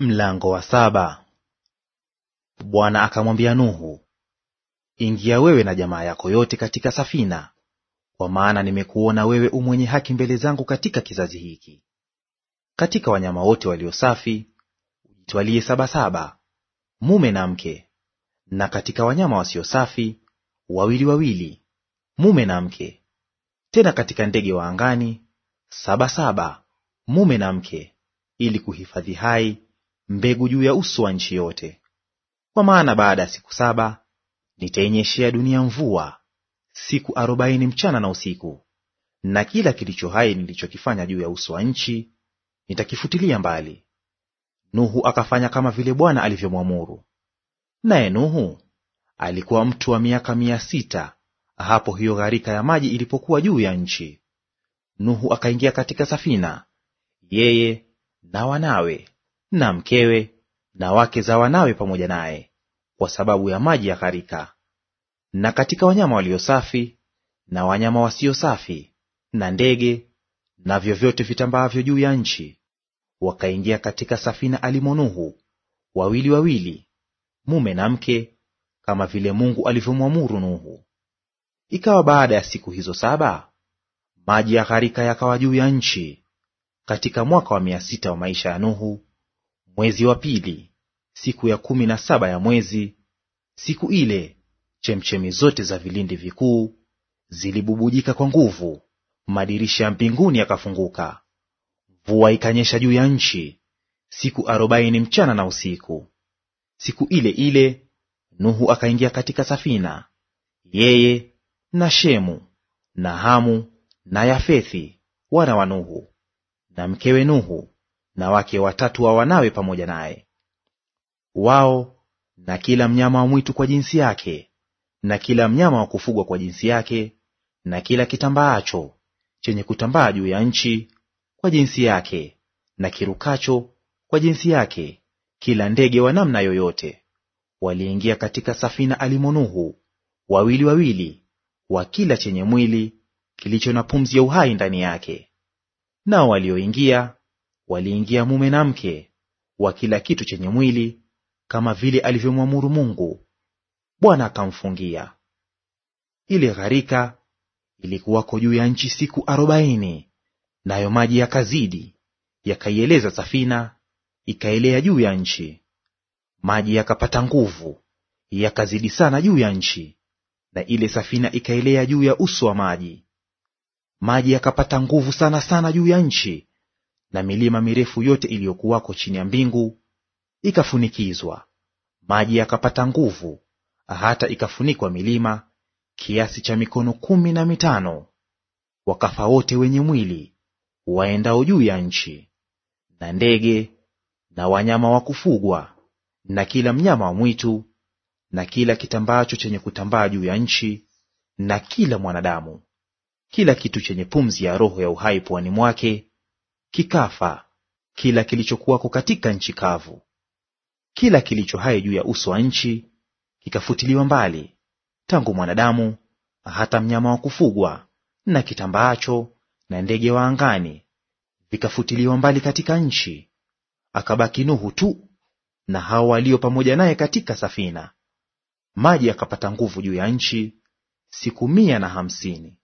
Mlango wa saba. Bwana akamwambia Nuhu, ingia wewe na jamaa yako yote katika safina, kwa maana nimekuona wewe umwenye haki mbele zangu katika kizazi hiki. Katika wanyama wote walio safi ujitwalie sabasaba, mume na mke, na katika wanyama wasio safi wawili wawili, mume na mke; tena katika ndege wa angani sabasaba, mume na mke, ili kuhifadhi hai mbegu juu ya uso wa nchi yote. Kwa maana baada ya siku saba nitainyeshea dunia mvua siku arobaini mchana na usiku, na kila kilicho hai nilichokifanya juu ya uso wa nchi nitakifutilia mbali. Nuhu akafanya kama vile Bwana alivyomwamuru. Naye Nuhu alikuwa mtu wa miaka mia sita hapo hiyo gharika ya maji ilipokuwa juu ya nchi. Nuhu akaingia katika safina, yeye na wanawe na mkewe na wake za wanawe pamoja naye, kwa sababu ya maji ya gharika. Na katika wanyama walio safi na wanyama wasio safi na ndege na vyovyote vitambaavyo juu ya nchi, wakaingia katika safina alimonuhu wawili wawili, mume na mke, kama vile Mungu alivyomwamuru Nuhu. Ikawa baada ya siku hizo saba maji ya gharika yakawa juu ya nchi katika mwaka wa mia sita wa maisha ya Nuhu mwezi wa pili, siku ya kumi na saba ya mwezi, siku ile chemchemi zote za vilindi vikuu zilibubujika kwa nguvu, madirisha ya mbinguni yakafunguka. Mvua ikanyesha juu ya nchi siku arobaini mchana na usiku. Siku ile ile Nuhu akaingia katika safina, yeye na Shemu na Hamu na Yafethi wana wa Nuhu na mkewe Nuhu na wake watatu wa wanawe pamoja naye, wao na kila mnyama wa mwitu kwa jinsi yake, na kila mnyama wa kufugwa kwa jinsi yake, na kila kitambaacho chenye kutambaa juu ya nchi kwa jinsi yake, na kirukacho kwa jinsi yake, kila ndege wa namna yoyote. Waliingia katika safina alimonuhu wawili wawili, wa kila chenye mwili kilicho na pumzi ya uhai ndani yake. Nao walioingia waliingia mume na mke wa kila kitu chenye mwili kama vile alivyomwamuru Mungu. Bwana akamfungia. Ile gharika ilikuwako juu ya nchi siku arobaini, nayo maji yakazidi yakaieleza safina, ikaelea juu ya nchi. Maji yakapata nguvu, yakazidi sana juu ya nchi, na ile safina ikaelea juu ya uso wa maji. Maji yakapata nguvu sana sana juu ya nchi, na milima mirefu yote iliyokuwako chini ya mbingu ikafunikizwa. Maji yakapata nguvu, hata ikafunikwa milima kiasi cha mikono kumi na mitano. Wakafa wote wenye mwili waendao juu ya nchi, na ndege na wanyama wa kufugwa na kila mnyama wa mwitu na kila kitambaacho chenye kutambaa juu ya nchi na kila mwanadamu. Kila kitu chenye pumzi ya roho ya uhai puani mwake kikafa kila kilichokuwako katika nchi kavu. Kila kilicho hai juu ya uso wa nchi kikafutiliwa mbali, tangu mwanadamu hata mnyama wa kufugwa na kitambaacho na ndege wa angani, vikafutiliwa mbali katika nchi. Akabaki Nuhu tu na hao walio pamoja naye katika safina. Maji yakapata nguvu juu ya nchi siku mia na hamsini.